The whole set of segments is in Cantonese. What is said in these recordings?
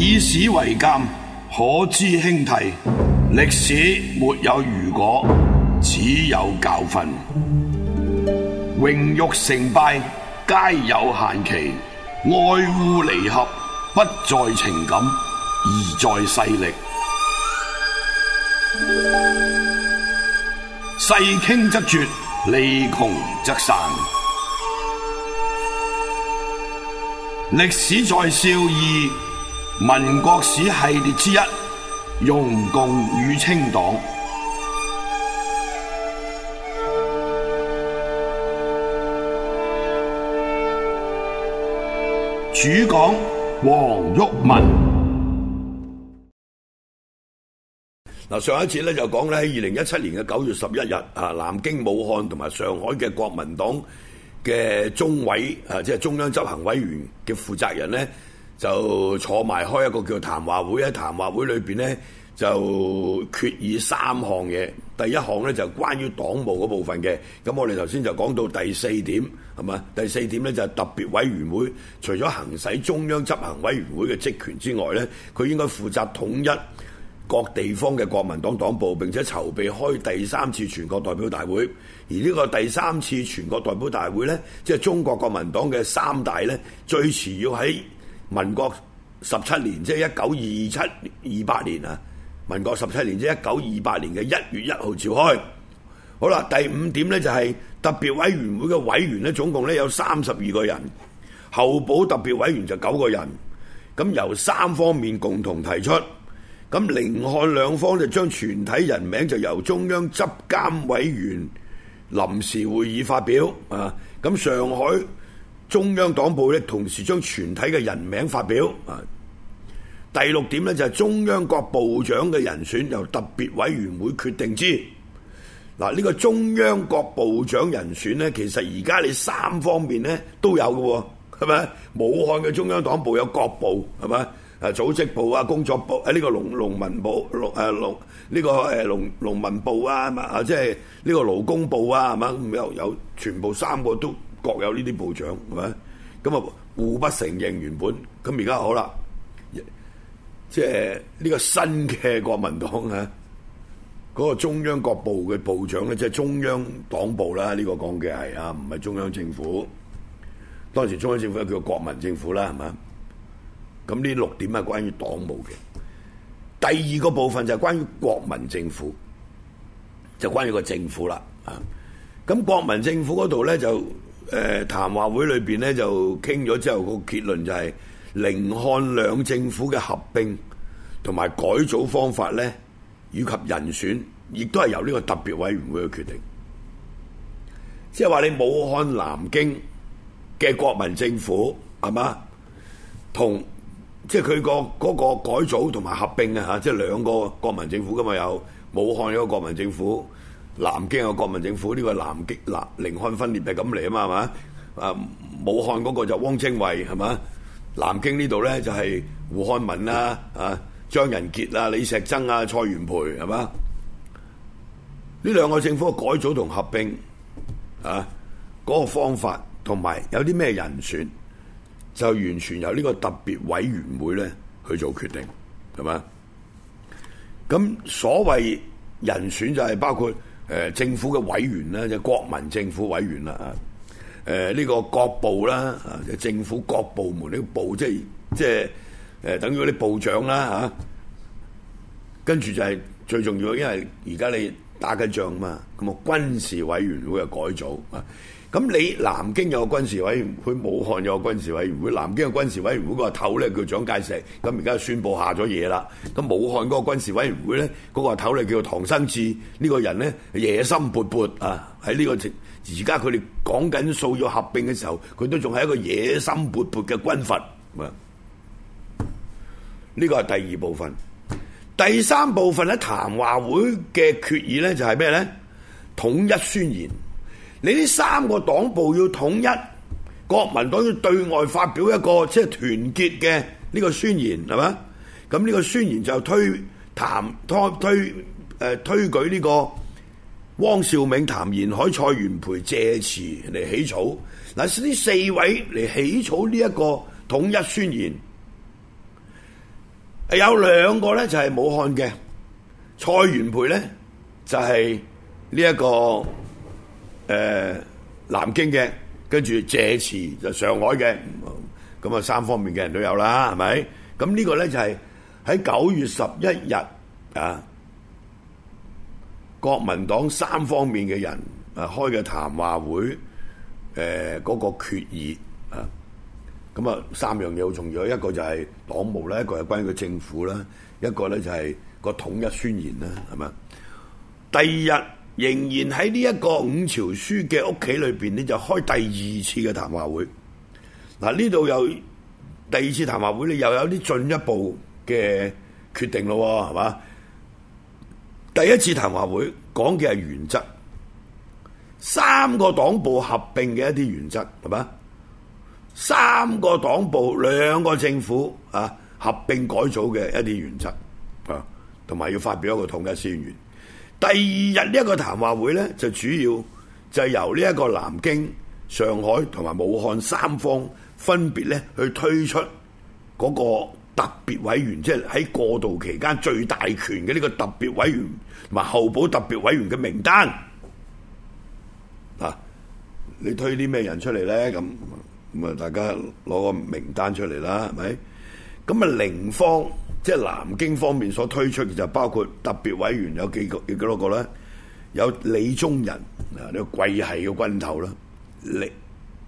以史為鑒，可知興替。歷史沒有如果，只有教訓。榮辱成敗皆有限期，愛惡離合不在情感，而在勢力。勢傾則絕，利窮則散。歷史在笑爾。民國史系列之一，容共與清黨，主講黃毓民。嗱，上一次咧就講咧喺二零一七年嘅九月十一日啊，南京、武漢同埋上海嘅國民黨嘅中委啊，即係中央執行委員嘅負責人咧，就坐埋開一個叫談話會，喺談話會裏邊呢，就決議三項嘢。第一項呢，就關於黨務嗰部分嘅。咁我哋頭先就講到第四點，係嘛？第四點呢，就特別委員會，除咗行使中央執行委員會嘅職權之外呢，佢應該負責統一各地方嘅國民黨黨部，並且籌備開第三次全國代表大會。而呢個第三次全國代表大會呢，即係中國國民黨嘅三大呢，最遲要喺民國十七年，即係一九二七二八年啊！民國十七年即係一九二八年嘅一月一號召開。好啦，第五點呢就係特別委員會嘅委員呢，總共呢有三十二個人，候補特別委員就九個人。咁由三方面共同提出。咁寧漢兩方就將全體人名就由中央執監委員臨時會議發表啊。咁上海。中央黨部咧，同時將全體嘅人名發表。啊，第六點咧就係、是、中央各部長嘅人選由特別委員會決定之。嗱、啊，呢、這個中央各部長人選咧，其實而家你三方面咧都有㗎喎，係咪？武漢嘅中央黨部有各部，係咪？誒、啊、組織部啊，工作部誒呢、啊這個農農民部，農誒呢個誒農農民部啊，係嘛？即係呢個勞工部啊，係嘛？有有，有全部三個都。各有呢啲部長係咪？咁啊，互不承認原本咁，而家好啦，即係呢個新嘅國民黨啊，嗰個中央各部嘅部長咧，即係中央黨部啦，呢個講嘅係啊，唔係中央政府。當時中央政府咧叫國民政府啦，係咪？咁呢六點係關於黨務嘅。第二個部分就係關於國民政府，就關於個政府啦。啊，咁國民政府嗰度咧就。誒談話會裏邊咧就傾咗之後，個結論就係寧漢兩政府嘅合併同埋改組方法咧，以及人選，亦都係由呢個特別委員會去決定。即係話你武漢南京嘅國民政府係嘛？同即係佢個嗰個改組同埋合併嘅嚇，即係兩個國民政府。今日有武漢一個國民政府。南京嘅國民政府呢、這個南京、嗱，寧漢分裂就咁嚟啊嘛，係嘛？啊，武漢嗰個就汪精衛係嘛？南京呢度咧就係胡漢民啦、啊張人傑啊、李石曾啊、蔡元培係嘛？呢兩個政府嘅改組同合併啊，嗰、那個方法同埋有啲咩人選，就完全由呢個特別委員會咧去做決定，係嘛？咁所謂人選就係包括。誒、呃、政府嘅委員啦，就、呃這個、國民政府委員啦啊！誒呢個各部啦啊，政府各部門呢、這個部即係即係誒、呃、等於嗰啲部長啦嚇、啊，跟住就係最重要，因為而家你打嘅仗打緊仗嘛，咁、嗯、啊軍事委員會又改組啊。咁你南京有個軍事委員會，武漢有個軍事委員會。南京個軍事委員會、嗰個頭咧叫蔣介石，咁而家宣佈下咗嘢啦。咁武漢嗰個軍事委員會咧，嗰、嗰個頭咧叫唐生智。呢、這個人咧野心勃勃啊！喺呢、這個而家佢哋講緊數要合併嘅時候，佢都仲係一個野心勃勃嘅軍閥啊！呢個係第二部分。第三部分咧，談話會嘅決議咧就係咩咧？統一宣言。你呢三個黨部要統一，國民黨要對外發表一個即係團結嘅呢個宣言，係嘛？咁呢個宣言就推譚推推誒、呃、推舉呢個汪兆銘、譚延闓、蔡元培、謝持嚟起草，嗱呢四位嚟起草呢一個統一宣言，有兩個呢就係、是、武漢嘅，蔡元培呢，就係呢一個。誒南京嘅，跟住謝詞就上海嘅，咁啊三方面嘅人都有啦，係咪？咁、這、呢個咧就係喺九月十一日啊，國民黨三方面嘅人啊開嘅談話會，誒、啊、嗰、那個決議啊，咁啊三樣嘢好重要，一個就係黨務啦，一個係關於個政府啦，一個咧就係個統一宣言啦，係咪？第二日。仍然喺呢一個五朝書嘅屋企裏邊咧，你就開第二次嘅談話會。嗱，呢度有第二次談話會，你又有啲進一步嘅決定咯，係嘛？第一次談話會講嘅係原則，三個黨部合併嘅一啲原則，係嘛？三個黨部兩個政府啊，合併改組嘅一啲原則啊，同埋要發表一個統一宣言。第二日呢一個談話會咧，就主要就係由呢一個南京、上海同埋武漢三方分別咧去推出嗰個特別委員，即係喺過渡期間最大權嘅呢個特別委員同埋候補特別委員嘅名單。嗱，啊，你推啲咩人出嚟咧？咁咁啊，大家攞個名單出嚟啦，係咪？咁啊，零方。即係南京方面所推出嘅就包括特別委員有幾個，有幾多個咧？有李宗仁啊，呢、這個桂係嘅軍頭啦；李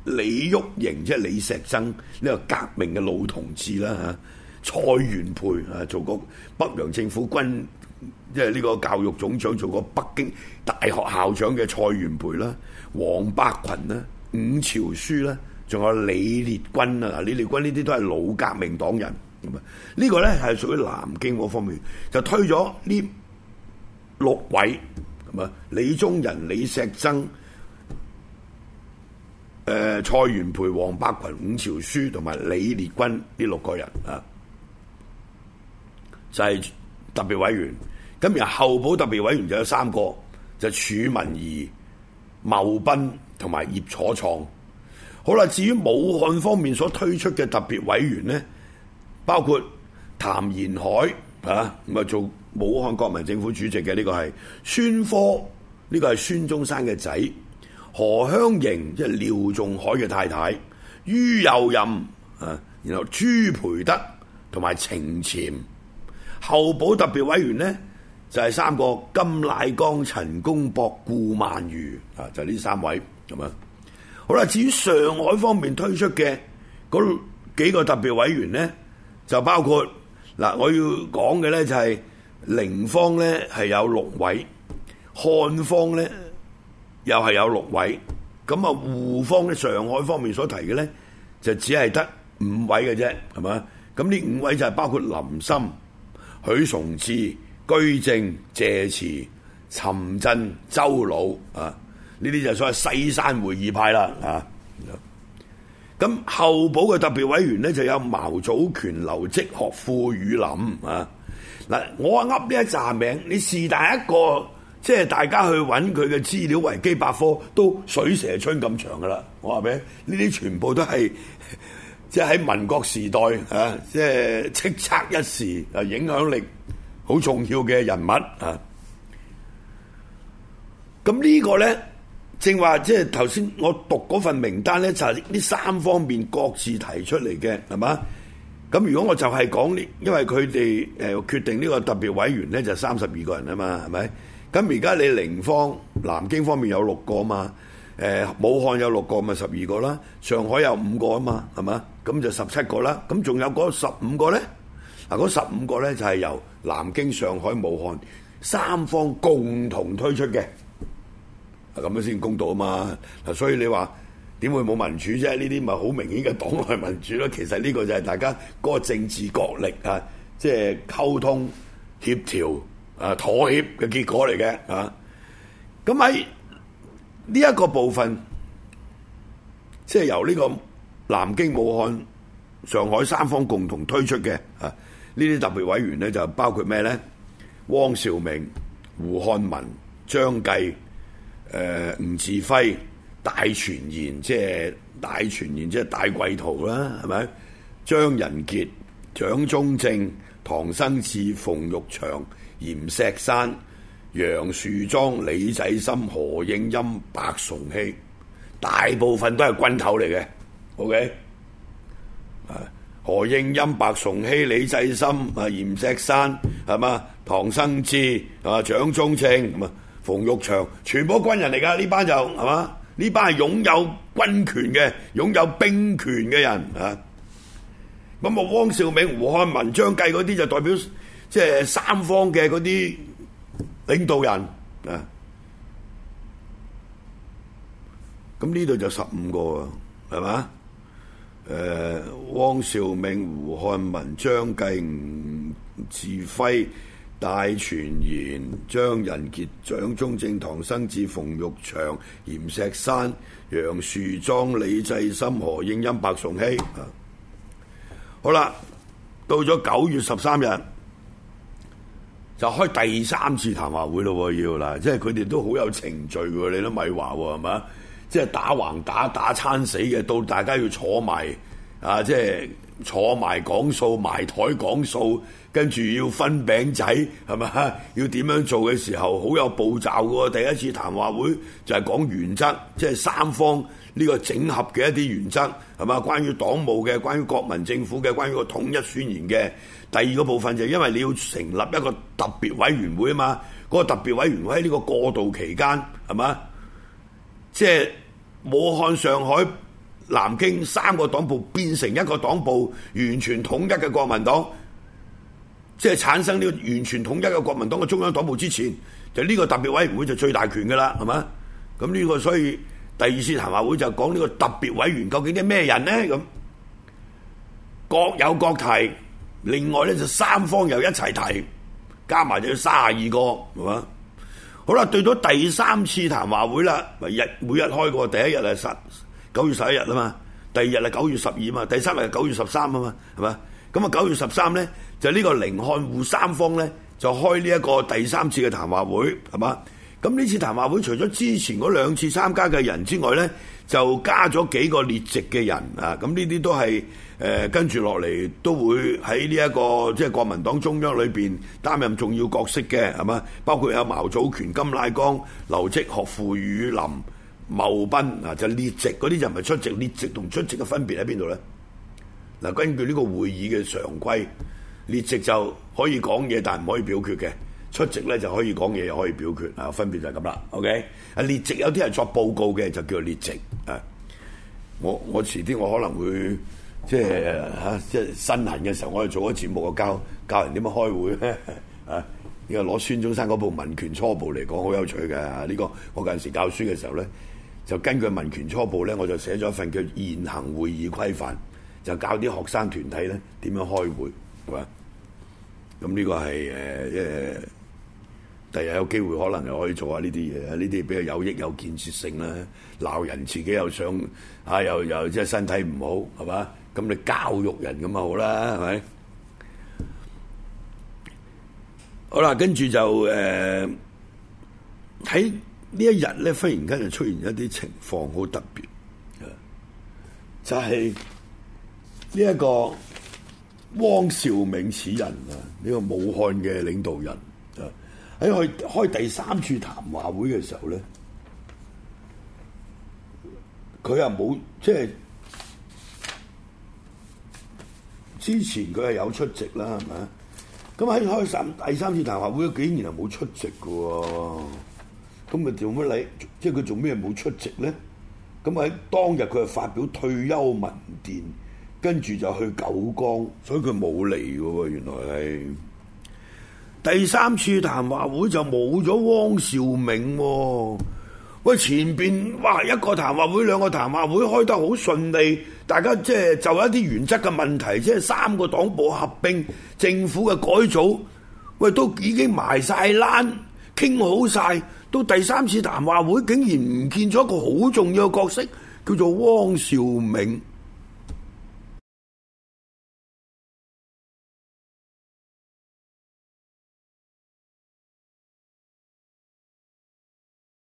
李玉瑩即係李石曾呢、這個革命嘅老同志啦嚇、啊。蔡元培啊，做過北洋政府軍即係呢個教育總長，做過北京大學校長嘅蔡元培啦。黃、啊、伯群啦，伍、啊、朝樞啦，仲有李烈鈞啊，李烈鈞呢啲都係老革命黨人。咁啊！呢個咧係屬於南京嗰方面，就推咗呢六位，咁啊，李宗仁、李石曾、誒、呃、蔡元培、王伯群、伍朝樞同埋李烈鈞呢六個人啊，就係、是、特別委員。咁而候補特別委員就有三個，就是、褚民誼、繆斌同埋葉楚傖。好啦，至於武漢方面所推出嘅特別委員咧。包括譚延闓啊，咁啊做武漢國民政府主席嘅呢、這個係孫科，呢、這個係孫中山嘅仔，何香凝，即係廖仲愷嘅太太，于右任啊，然後朱培德同埋程潛，候補特別委員呢就係、是、三個甘乃光，陳公博，顧孟餘啊，就呢、是、三位咁啊。好啦，至於上海方面推出嘅嗰幾個特別委員呢？就包括嗱，我要講嘅咧就係寧方咧係有六位，漢方咧又係有六位，咁啊，滬方咧上海方面所提嘅咧就只係得五位嘅啫，係嘛？咁呢五位就係包括林森、許崇智、居正、謝持、陳鎮、鄒魯。啊，呢啲就所謂西山會議派啦啊。咁候補嘅特別委員咧，就有茅祖權、劉積學、傅雨林啊！嗱，我話噏呢一紮名，你是但一個，即係大家去揾佢嘅資料，維基百科都水蛇春咁長噶啦！我話俾你，呢啲全部都係即係喺民國時代啊，即係叱咤一時啊，影響力好重要嘅人物啊！咁呢個咧？正話即係頭先，我讀嗰份名單咧，就係呢三方面各自提出嚟嘅，係嘛？咁如果我就係講呢，因為佢哋誒決定呢個特別委員咧，就係三十二個人啊嘛，係咪？咁而家你寧方南京方面有六個嘛？誒，武漢有六個，咪十二個啦。上海有五個啊嘛，係嘛？咁就十七個啦。咁仲有嗰十五個咧？嗱，嗰十五個咧就係由南京、上海、武漢三方共同推出嘅。咁樣先公道啊嘛！嗱，所以你話點會冇民主啫？呢啲咪好明顯嘅黨內民主咯。其實呢個就係大家嗰個政治角力啊，即係溝通協調啊、妥協嘅結果嚟嘅啊。咁喺呢一個部分，即係由呢個南京、武漢、上海三方共同推出嘅啊，呢啲特別委員咧就包括咩咧？汪兆銘、胡漢民、張繼。誒、呃、吳志輝、大傳言，即係大傳言，即係大貴圖啦，係咪？張仁傑、蔣中正、唐生智、馮玉祥、閻錫山、楊樹莊、李濟深、何應欽、白崇禧，大部分都係軍頭嚟嘅。OK，啊，何應欽、白崇禧、李濟深、啊閻錫山，係嘛？唐生智、啊蔣中正咁啊。馮玉祥，全部都軍人嚟㗎，呢班就係嘛？呢班係擁有軍權嘅、擁有兵權嘅人啊！咁啊，汪兆銘、胡漢民、張繼嗰啲就代表即係三方嘅嗰啲領導人啊！咁呢度就十五個啊係嘛？誒、呃，汪兆銘、胡漢民、張繼、吳稚暉。戴傳賢、張仁傑、蔣中正、唐生智、馮玉祥、閻錫山、楊樹莊、李濟深、何應欽、白崇禧。好啦，到咗九月十三日就開第三次談話會咯，要嗱，即係佢哋都好有程序嘅，你都咪話喎，係嘛？即係打橫打打撐死嘅，到大家要坐埋啊，即係。坐埋講數，埋台講數，跟住要分餅仔，係咪啊？要點樣做嘅時候，好有步驟嘅喎。第一次談話會就係講原則，即係三方呢個整合嘅一啲原則，係嘛？關於黨務嘅，關於國民政府嘅，關於個統一宣言嘅。第二個部分就係因為你要成立一個特別委員會啊嘛，嗰個特別委員會喺呢個過渡期間，係嘛？即係武漢、上海。南京三個黨部變成一個黨部，完全統一嘅國民黨，即係產生呢個完全統一嘅國民黨嘅中央黨部之前，就呢個特別委員會就最大權㗎喇，係嘛？咁呢個所以第二次談話會就講呢個特別委員究竟啲咩人呢？咁各有各提，另外咧就三方又一齊提，加埋就要卅二個，係嘛？好啦，到咗第三次談話會啦，日每日開過，第一日係十九月十一日啦嘛，第二日係九月十二嘛，第三日係九月十三啊嘛，係嘛？咁啊九月十三咧，就呢、是、個寧漢滬三方咧，就開呢一個第三次嘅談話會，係嘛？咁呢次談話會除咗之前嗰兩次參加嘅人之外咧，就加咗幾個列席嘅人啊！咁呢啲都係誒跟住落嚟都會喺呢一個即係、就是、國民黨中央裏邊擔任重要角色嘅，係嘛？包括有毛祖權、金拉江、劉積學、傅雨林。謀賓嗱就列席嗰啲就唔係出席，列席同出席嘅分別喺邊度咧？嗱，根據呢個會議嘅常規，列席就可以講嘢，但唔可以表決嘅；出席咧就可以講嘢，又可以表決。啊，分別就係咁啦。OK，啊列席有啲係作報告嘅，就叫列席。誒、啊，我我遲啲我可能會即係嚇、啊、即係身痕嘅時候，我哋做一節目教教人點樣開會啊！呢個攞孫中山嗰部《民權初步》嚟講，好有趣嘅呢、啊呢個，我近時教書嘅時候咧。就根據《民權初步》咧，我就寫咗一份叫《現行會議規範》，就教啲學生團體咧點樣開會，係嘛？咁呢個係誒，即係第日有機會可能又可以做下呢啲嘢，呢啲比較有益有建設性啦。鬧人自己又想，嚇、啊，又又即係身體唔好，係嘛？咁你教育人咁啊好啦，係咪？好啦，跟住就誒喺，呃呢一日咧忽然間就出現一啲情況好特別，啊！就係呢一個汪兆銘此人啊，呢個武漢嘅領導人啊，喺去開第三次談話會嘅時候咧，佢又冇，即係之前佢係有出席啦，係咪？咁喺開三第三次談話會竟然又冇出席嘅喎、啊。咁咪做乜你？即係佢做咩冇出席咧？咁喺當日佢係發表退休文電，跟住就去九江，所以佢冇嚟嘅喎。原來係第三次談話會就冇咗汪兆銘、啊。喂，前邊哇一個談話會兩個談話會開得好順利，大家即係就係，就一啲原則嘅問題，即係三個黨部合併、政府嘅改組，喂都已經埋晒欄。傾好晒到第三次談話會竟然唔見咗一個好重要嘅角色，叫做汪兆銘。